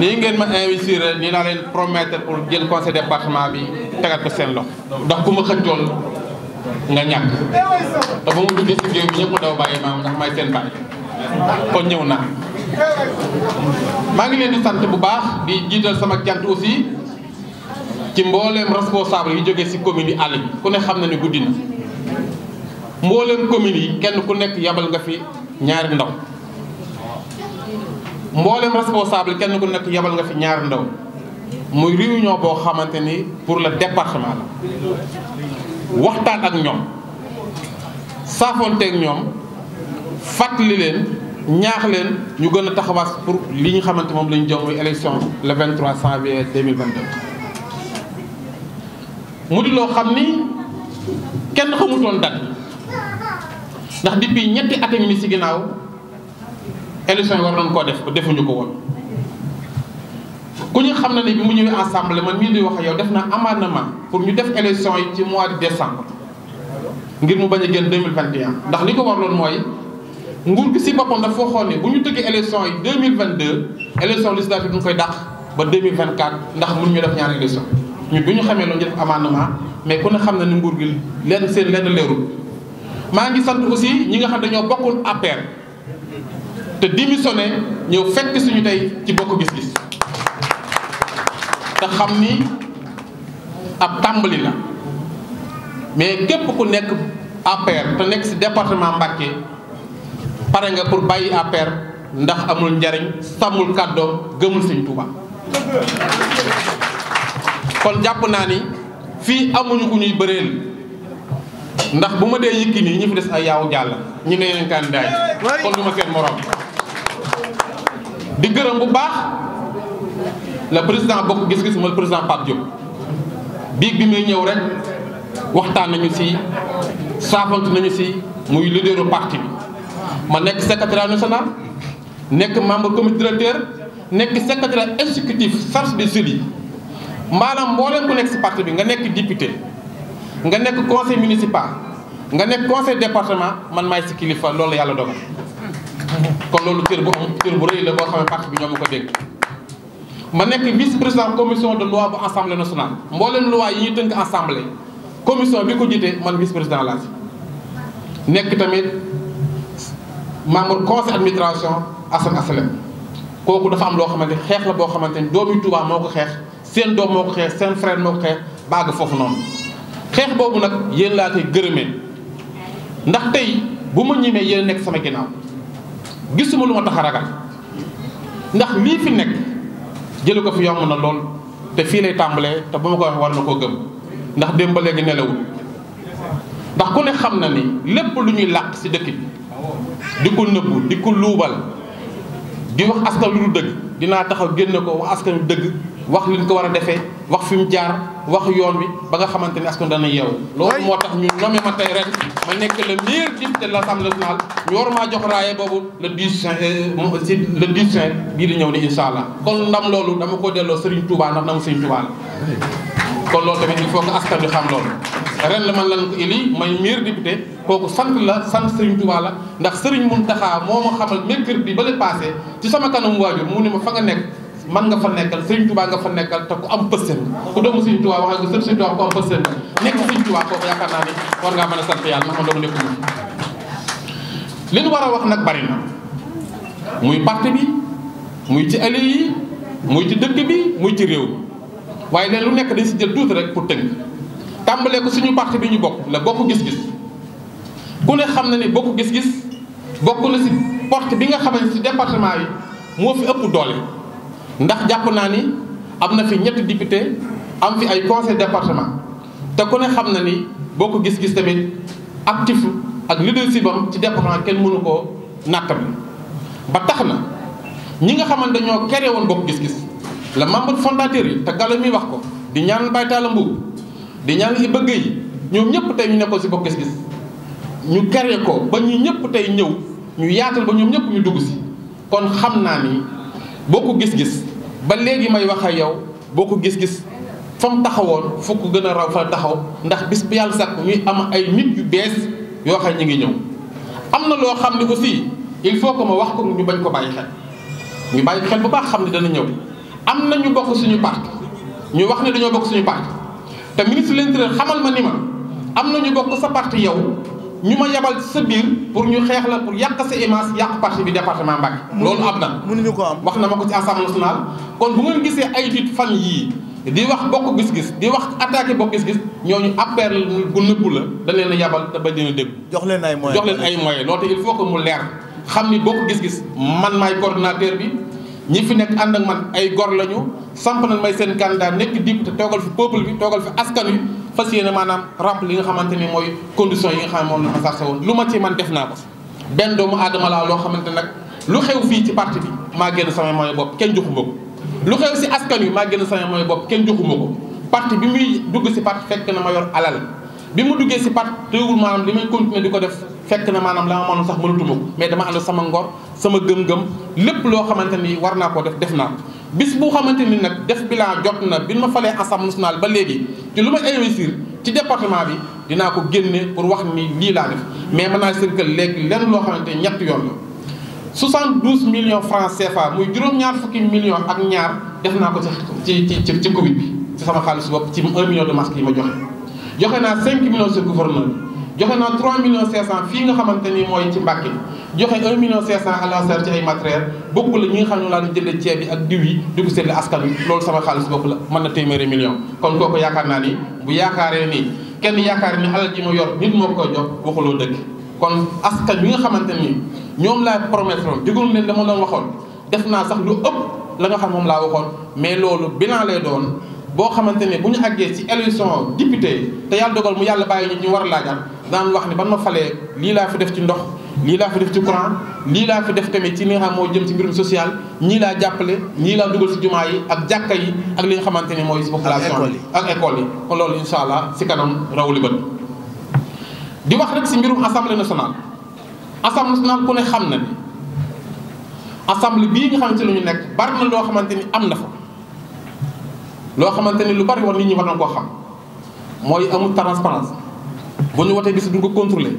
nii ngeen ma investir ni naa leen promettre pour jël conseil département bi tegal ko seen loxo ndax ku ma xëccoon nga ñàkk te ba mu duggee si géew bi ñëpp daw ñëw na maa ngi leen di sant bu baax di jiital sama jant aussi ci mbooleem responsable yi jógee si commune yi àll bi ku ne xam na ni guddi na mbooleem commune yi kenn ku nekk yabal nga fi ñaari ndaw mboolem responsable kenn ku nekk yebal nga fi ñaar ndaw muy ñoo boo xamante ni pour le département la waxtaan ak ñoom saafonteeg ñoom fàttali leen ñaax leen ñu gën a taxawaas pour li ñu xamante moom lañu jox jëm muy élection le 23 janvier 2022. mu di loo xam ni kenn xamutoon dat ndax depuis ñetti at a ci si ginnaaw. élection yi war nañ koo def defuñu ko woon ku ñu xam na ne bi mu ñëwee ensemble man mii di wax yow def na amendement pour ñu def élection yi ci mois de décembre ngir mu bañ a génn 2021 ndax li ko warloon mooy nguur gi si boppam dafa waxoon ne bu ñu tëggee élection yi 2022 élection législative duñ koy dàq ba 2024 ndax mun ñu def ñaar élection ñu bi ñu xamee loolu ñu def amendement mais ku ne xam na ni nguur gi lenn seen lenn leeru maa ngi sant aussi ñi nga xam dañoo bokkul APR te démissionné ñëw fekk suñu tey ci bokk gis-gis te xam ni ab tàmbali la mais képp ku nekk APR te nekk ci département Mbacké pare nga pour bàyyi APR ndax amul njariñ sàmmul kàddoom gëmul Sëñ Tuuba kon jàpp naa ni fii amuñu ku ñuy bëreel ndax bu ma dee yëkki nii ñu fi des ay yaaw jàll ñu ne yeneen candidat yi kon seen morom di gërëm bu baax la président bokk gis-gis mooy président Pape Diop biig bi muy ñëw rek waxtaan nañu si saafante nañu si muy leaderu parti bi ma nekk secrétaire national nekk membre comité directeur nekk secrétaire exécutif chargé des jeunes yi maanaam leen ku nekk si parti bi nga nekk député nga nekk conseil municipal nga nekk conseil département man maay si kilifa loolu yàlla dogal kon loolu cër bu am cër bu rëy la boo xam ne bi ñoo ma ko dégg ma nekk vice président commission de loi bu assemblée nationale mboolem loi yi ñuy tënk assemblée commission bi ko jiitee man vice président laa ci nekk tamit membre conseil administration Assane Asalem kooku dafa am loo xamante xeex la boo xamante ni doomi Touba moo ko xeex seen doom moo ko xeex seen frère moo ko xeex bàgg foofu noonu xeex boobu nag yéen laa koy gërëmee ndax tey bu ma ñimee yéen nekk sama ginnaaw gisuma lu ma tax a ragal ndax lii fi nekk jëlu ko fi yomb na lool te fii lay tàmbalee te bu ma ko wax war na koo gëm ndax démb ba léegi nelawul ndax ku ne xam na ni lépp lu ñuy làq si dëkk bi di ko nëbbu di ko luubal di wax askan lu dul dëgg dinaa taxaw génne ko wax askan lu dëgg wax li ñu ko war a defee wax fi mu jaar wax yoon wi ba nga xamante ni askan dana yeewu loolu moo tax ñu nommé ma tey ren ma nekk le meilleur type de l'Assemblée nationale ñu war maa jox raaye boobu le 10 euh, si le 10 juin bii di ñëw ni insha allah kon ndam loolu dama ko delloo Serigne Touba ndax ndamu Serigne Touba la kon loolu tamit il faut askan bi xam loolu ren la man lan ko éli may meilleur député kooku sant la sant Serigne Touba la ndax Serigne Mountakha moo ma xamal mercredi ba le passé ci sama kanam waajur mu ne ma fa nga nekk man nga fa nekkal Serigne Touba nga fa nekkal te ku am pëstin ku doomu Serigne Touba wax nga Serigne Touba ku am pëstin nekk yaakaar naa ne war ngaa mën a sant yàlla ma doomu nekkul li ñu war a wax nag bari na muy parti bi muy ci allée yi muy ci dëkk bi muy ci réew waaye leen lu nekk dañ si jël tuuti rek pour tënk tàmbalee ko suñu parti bi ñu bokk la bokk gis-gis ku ne xam na ne bokk gis-gis bokk na si porte bi nga xamante si département yi moo fi ëpp doole ndax jàpp naa ni am na fi ñett député am fi ay conseil département te ku ne xam na ni boo ko gis-gis tamit actif ak leadership am ci département kenn mënu koo nattam ba tax na ñi nga xamante ñoo créé woon bokk gis-gis la membre fondateur yi te galo mi wax ko di ñaanal Baye Talla Mbuub di ñaanal Iba Guèye ñoom ñëpp tey ñu nekkoon si bokk gis-gis ñu créé ko ba ñu ñëpp tey ñëw ñu yaatal ba ñoom ñëpp ñu dugg si kon xam naa ni bokk gis-gis ba léegi may wax ak yow boo ko gis-gis fa mu taxawoon fu ko gën a raw fa taxaw ndax bis bu yàlla sàkk ñuy am ay mit yu bees yoo xam ñu ngi ñëw. am na loo xam ne ko si il faut ko ma wax ko ñu bañ ko bàyyi xel ñu bàyyi xel bu baax xam ne dana ñëw am na ñu bokk suñu parti ñu wax ne dañoo bokk suñu parti te ministre de l'intérieur xamal ma ni ma am na ñu bokk sa parti yow. ñu ma yabal sa biir pour ñu xeex la pour yàq sa image yàq parti bi département Mbacké loolu am na mënuñu ko am wax na ma ko ci assemblée nationale kon bu ngeen gisee ay nit fan yii di wax bokk gis-gis di wax attaqué bokk gis-gis ñooñu appel bu nëbbu la da leen a yabal te ba dina leen ay moyens jox leen ay moyens loolu te il faut que mu leer xam ni bokk gis-gis man maay coordinateur bi ñi fi nekk ànd ak man ay gor lañu samp nañ may seen candidat nekk député toogal fi peuple bi toogal fi askan wi fas yéene maanaam remplir li nga xamante ni mooy conditions yi nga xam ne moom la ma sarse woon lu ma ci man def naa ko benn doomu aadama laa loo xamante nag lu xew fii ci parti bi maa génn samay moyens bopp kenn joxuma ko lu askan wi maa génn samay moyens bopp kenn joxuma parti bi muy dugg si parti fekk na ma yor alal bi mu duggee si parti teewul maanaam li may continuer di ko def fekk na maanaam la ma mënoon sax mënatuma ko mais dama ànd sama ngor sama gëm-gëm lépp loo xamante ni war naa koo def def naa bis bu xamante ni nag def bilan jot na bi ma falee assemblée nationale ba léegi te lu ma investir ci département bi dinaa ko génne pour wax ni lii laa def mais mën naa sënkal léegi lenn loo xamante ñett yoon la 72 millions francs CFA muy juróom-ñaar fukki million ak ñaar def naa ko ci ci ci ci Covid bi ci sama xaalis bopp ci 1 million de masques yi ma joxe joxe naa 5 millions sur gouverneur bi joxe naa 3 millions 500 fii nga xamante ni mooy ci Mbàkke joxe 1 million 500 à l'ensemble ci ay matériel bokku la ñi nga xam ne laa jëndee ceeb bi ak diw yi di ko seddale askan wi loolu sama xaalis bopp la mën na téeméeri million kon kooku yaakaar naa ni bu yaakaaree ni kenn yaakaar ni alal ji ma yor nit moo ko jox waxuloo dëgg kon askan bi nga xamante ni ñoom laa promettre digul leen dama doon waxoon def naa sax lu ëpp la nga xam moom laa waxoon mais loolu bilan lay doon boo xamante ne bu ñu àggee ci élection député te yàlla dogal mu yàlla bàyyi ñu ñu war a laajal daan wax ni ban ma lii laa fi def ci ndox lii laa fi def ci Quran lii laa fi def tamit ci li moo jëm ci mbirum social ñii laa jàppale ñii laa dugal ci jumaa yi ak jàkka yi ak li nga xamante ne mooy population bi ak école yi kon loolu insha allah si kanam raw li bët di wax rek si mbirum assemblée nationale assemblée nationale ku ne xam na ni assemblée bii nga xamante lu ñu nekk bari na loo xamante ni am na fa loo xamante ni lu bari woon nit ñi war koo xam mooy amul transparence bu ñu watee bis duñ ko contrôler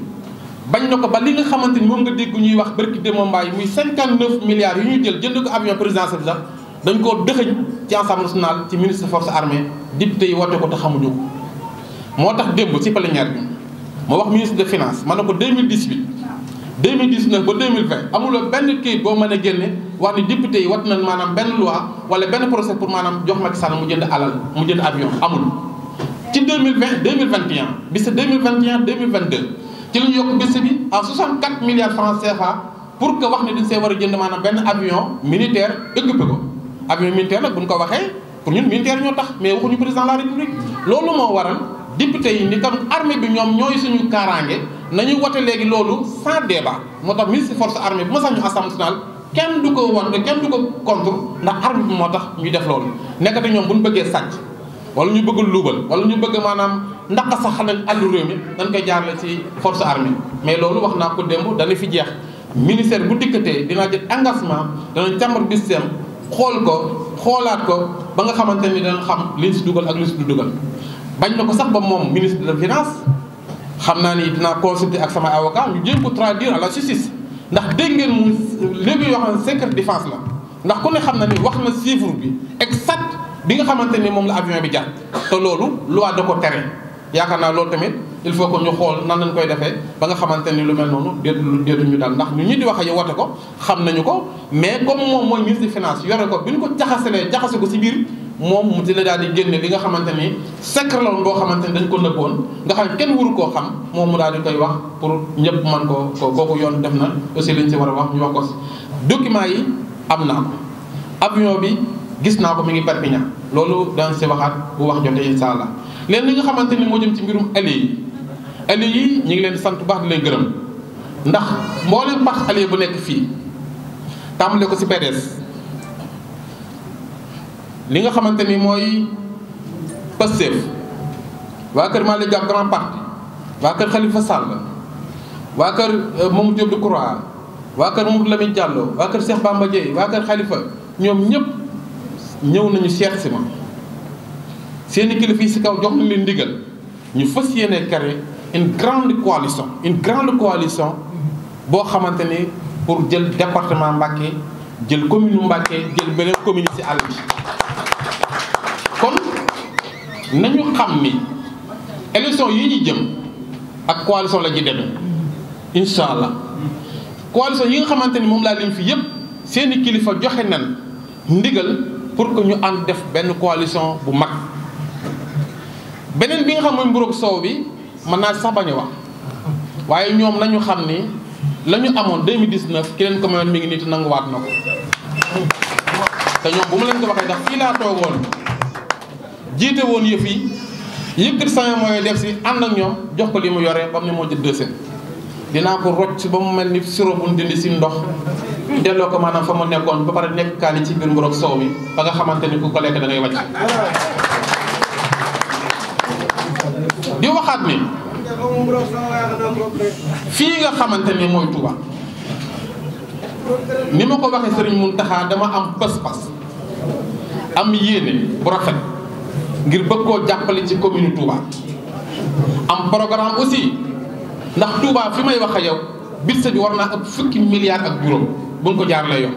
bañ na ko ba li nga xamante ni moom nga dégg ñuy wax barki démo mbaay muy 59 milliards yu ñuy jël jënd ko avion présidentiel sax dañ koo dëxëñ ci assemblée nationale ci ministre force armée député yi wote ko te xamuñu moo tax démb ci plénière bi ma wax ministre de finance ma ne ko 2018 2019 ba 2020 amuloo benn kayit boo mën a génne wax ni député yi wat nañ maanaam benn loi wala benn procès pour maanaam jox Macky Sall mu jënd alal mu jënd ci la ñu yokk bés bi à 64 milliards francs CFA pour que wax ne dañ see war a jënd maanaam benn avion militaire équipé ko avion militaire nag bu ñu ko waxee pour ñun militaire ñoo tax mais waxuñu président de la république loolu moo waral député yi ni tam armée bi ñoom ñooy suñu kaaraange nañu wote léegi loolu sans débat moo tax ministre force armée bu ma sax ñu assemblée nationale kenn du ko wan kenn du ko contre ndax armée bi moo tax ñuy def loolu nekkati ñoom bu ñu bëggee sàcc wala ñu bëgg luubal wala ñu bëgg maanaam ndax sax nañ àllu réew mi dañ jaar jaarale ci force armée mais loolu wax naa ko démb dana fi jeex ministère bu dikkatee dinaa jël engagement dana càmbar bis seen xool ko xoolaat ko ba nga xamante ni dana xam liñ si dugal ak liñ si du dugal bañ na ko sax ba moom ministre de finance xam naa ni dinaa consulter ak sama avocat ñu jéem ko traduire a la justice ndax dégg ngeen mu léegi yoo xam ne secret défense la ndax ku ne xam na ni wax na chiffre bi exact bi nga xamante ni moom la avion bi jar te loolu loi ko tere yaakaar naa loolu tamit il faut que ñu xool nan lañ koy defee ba nga xamante ni lu mel noonu déetul ñu daal ndax ñu ñu di wax yow wote ko xam nañu ko mais comme moom mooy ministre des finances yore ko bi ñu ko jaxaselee jaxase ko si biir moom mu dina daal di génne li nga xamante ni secret la woon boo xamante ni dañ ko nëbboon nga xam kenn wuru koo xam moom mu daal di koy wax pour ñëpp man ko ko kooku yoon def na aussi lañ si war a wax ñu wax ko document yi am naa ko avion bi gis naa ko mi ngi Perpignan loolu daan si waxaat bu wax jotee incha leen li nga xamante ni moo jëm ci mbirum alliés yi alliés yi ñu ngi leen sant baax di leen gërëm ndax mboolem parti allié bu nekk fii tàmbale ko ci PDS li nga xamante ni mooy Pastef waa kër Malick Gakou Grand Parti waa kër Khalifa Sall waa kër euh, Mamadou Diop Decroix waa kër Mamadou Lamine Diallo waa kër Cheikh Bamba Dièye waa kër Khalifa ñoom ñëpp ñëw nañu seet si ma seeni kilifa yi si kaw jox nañ leen ndigal ñu fas yéene créer une grande coalition une grande coalition boo xamante ne pour jël département Mbacké jël commune u Mbacké jël beneen commune si àll bi kon nañu xam ni élection yi ñu jëm ak coalition la ji demee incha allah coalition yi nga xamante ni moom laa leen fi yëpp seeni kilifa joxe nan ndigal pour que ñu ànd def benn coalition bu mag beneen bi nga xam mooy mburoog soow bi mën naa sax bañ a wax waaye ñoom lañu xam ni la ñu amoon 2019 ki leen ko mayoon mi ngi nii te nanguwaat na ko te ñoom bu ma leen ko waxee ndax fii laa toogoon jiite woon yëpp yi yëkkati sama mooy def si ànd ak ñoom jox ko li mu yore ba mu ne moo jël seen dinaa ko rocc si ba mu mel ni sirop bu dindi si ndox delloo ko maanaam fa mu nekkoon ba pare nekk kaali ci biir mburoog soow bi ba nga xamante ni ku ko lekk da ngay di waxaat ni fii nga xamante ni mooy Touba ni ma ko waxee Serigne Mountakha dama am pas-pas am yéene bu rafet ngir bëgg koo jàppale ci commune Touba am programme aussi ndax Touba fi may wax ak yow budget bi war naa ëpp fukki milliards ak juróom bu ñu ko jaar la yoon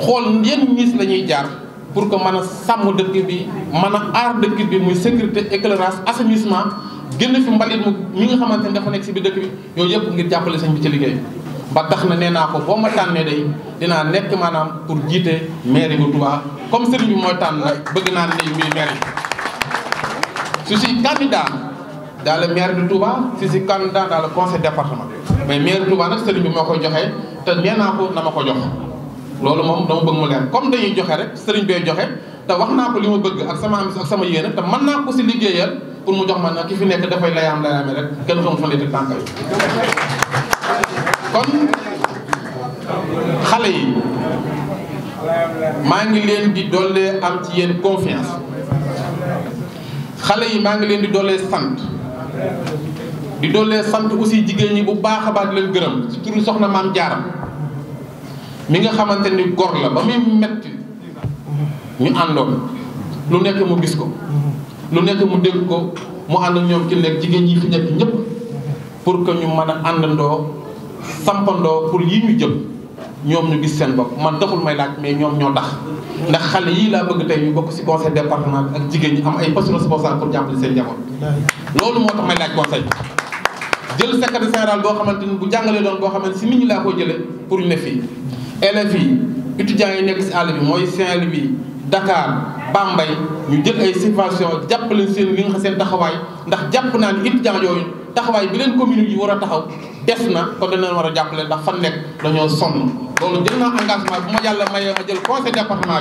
xool yenn ñiis la jaar. pour que mën a sàmm dëkk bi mën a aar dëkk bi muy sécurité éclairage assainissement génn fi mbalit mu mi nga xamante ne dafa nekk si biir dëkk bi yooyu yëpp ngir jàppale sëñ bi ci liggéey ba tax na nee naa ko boo ma tànnee day dinaa nekk maanaam pour jiite mairie bu Touba comme sëriñ bi mooy tànn bëgg naa ne muy mairie su si candidat dans le bu de Touba si si candidat dans le conseil département mais maire Touba nag sëriñ bi moo koy joxe te nee naa ko na loolu moom dama bëgg mu leer comme dañuy joxe rek sëriñ bee joxe te wax naa ko li ma bëgg ak sama amis sama yéene te man naa ko si liggéeyal pour mu jox man na ki fi nekk dafay layaam layaame rek kenn xamul fan la teg tànk yi kon xale yi maa ngi leen di dollee am ci yéen confiance xale yi maa ngi leen di dollee sant di dollee sant aussi jigéen ñi bu baax a baax di leen gërëm ci turu soxna maam jaaram mi nga xamante ni gor la ba muy metti ñu àndoon lu nekk mu gis ko lu nekk mu dégg ko mu ànd ñoom ci nekk jigéen ñi fi nekk ñëpp pour que ñu mën a àndandoo sampandoo pour yi ñu jëm ñoom ñu gis seen bopp man taxul may laaj mais ñoom ñoo tax ndax xale yii laa bëgg tey ñu bokk ci conseil départemental ak jigéen ñi am ay postes responsables pour jàppale seen njaboot loolu moo tax may laaj conseil jël secrétaire général boo xamante ni bu jàngalee doon boo xamante si nit ñi laa ko jëlee pour ñu ne fii élèves yi étudiants yi nekk si àll bi mooy saint bi Dakar Bambey ñu jël ay subventions jàppale seen li nga xam seen taxawaay ndax jàpp naa ni étudiants yooyu taxawaay bi leen commune yi war a taxaw des na kon war a jàppale ndax fan nekk dañoo sonn loolu jël naa engagement bu ma yàlla mayee ma jël conseil département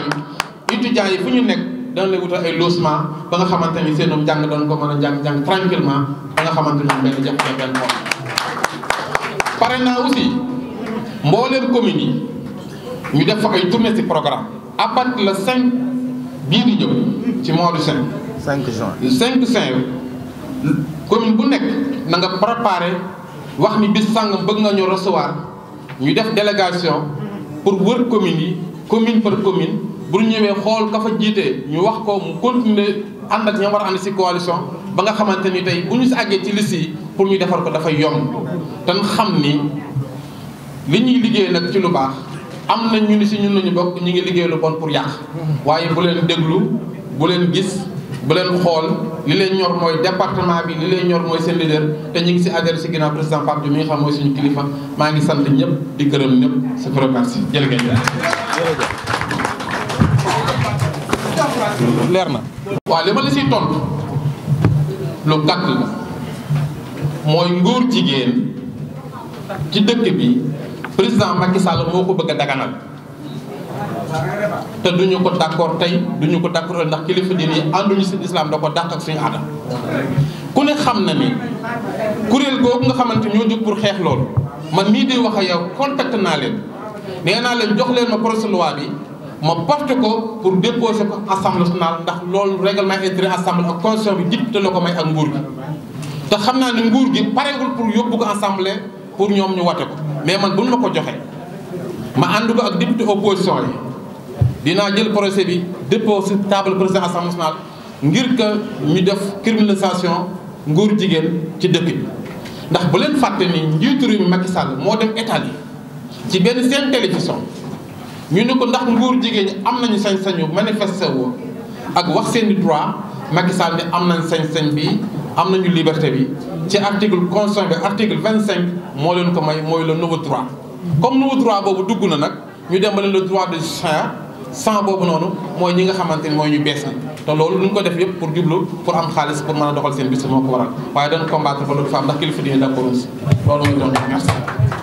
bi fu ñu nekk dana leen wutal ay logement ba nga xamante ni seen jàng doon ko mën a jàng jàng tranquillement ba nga xamante ni benn jafe-jafe benn bopp pare naa aussi mbooleem communes yi. ñu def fa ay tournée ci programme à partir le 5 bii di ñëw ci mois de juin. 5 juin le 5 juin commune bu nekk na nga préparé wax ni bis sàngam bëgg nga ñu recevoir ñu def délégation pour wër commune yi commune par commune bu ñëwee xool ka fa jiitee ñu wax ko mu continuer ànd ak ñoom war a ànd ci coalition ba nga xamante ni tey bu ñu si àggee ci liste yi pour ñu defar ko dafay yomb te xam ni li ñuy liggéey nag ci lu baax. am na ñu ni si ñun lañu bokk ñu ngi liggéey lu bon pour yàq waaye bu leen déglu bu leen gis bu leen xool li leen ñor mooy département bi li leen ñor mooy seen leader te ñu ngi si adhéré si ginnaaw président part Diop mi nga xam mooy suñu kilifa maa ngi sant ñëpp di gërëm ñëpp si vrai merci jërëjëf leer na waaw li ma la siy tontu lu gàtt la mooy nguur jigéen ci dëkk bi président Macky Sall moo ko bëgg a daganal te duñu ko d'accord tey duñu ko d'accord ndax kilifa diine yi ànduñu si islam da ko dàq ak suñu aada ku ne xam na ni kuréel googu nga xamante ñoo jóg pour xeex lool man mii di wax ak yow contacté naa leen nee naa leen jox leen ma projet loi bi ma porte ko pour déposer ko assemblée nationale ndax loolu règlement intérieur assemblée ak constitution bi jipp te la ko may ak nguur gi te xam naa ni nguur gi pareegul pour yóbbu ko assemblée pour ñoom ñu wate ko mais man buñ ma ko joxee ma ànd ko ak député opposition yi dinaa jël projet bi dépôt sur table président assemblée nationale ngir que ñu def criminalisation nguur jigéen ci dëkk bi. ndax bu leen fàtte ni njiitu réew mi Macky Sall moo dem Italie ci benn seen télévision ñu ne ko ndax nguur jigéen ñi am nañu sañ-sañu manifester woo ak wax seen i droit Macky Sall ne am nañ sañ-sañ bi. am nañu liberté bi ci article constitution bi article vingt cinq moo leen ko may mooy le nouveau droit comme nouveau droit boobu dugg na nag ñu dem ba leen le droit de chair sans boobu noonu mooy ñi nga xamante ni mooy ñu bees ni te loolu lu ñu ko def yëpp pour jublu pour am xaalis pour mën a doxal seen bis moo ko waaye doon combattre ba loolu fa am ndax kilifa dine d'accord aussi loolu mooy doon merci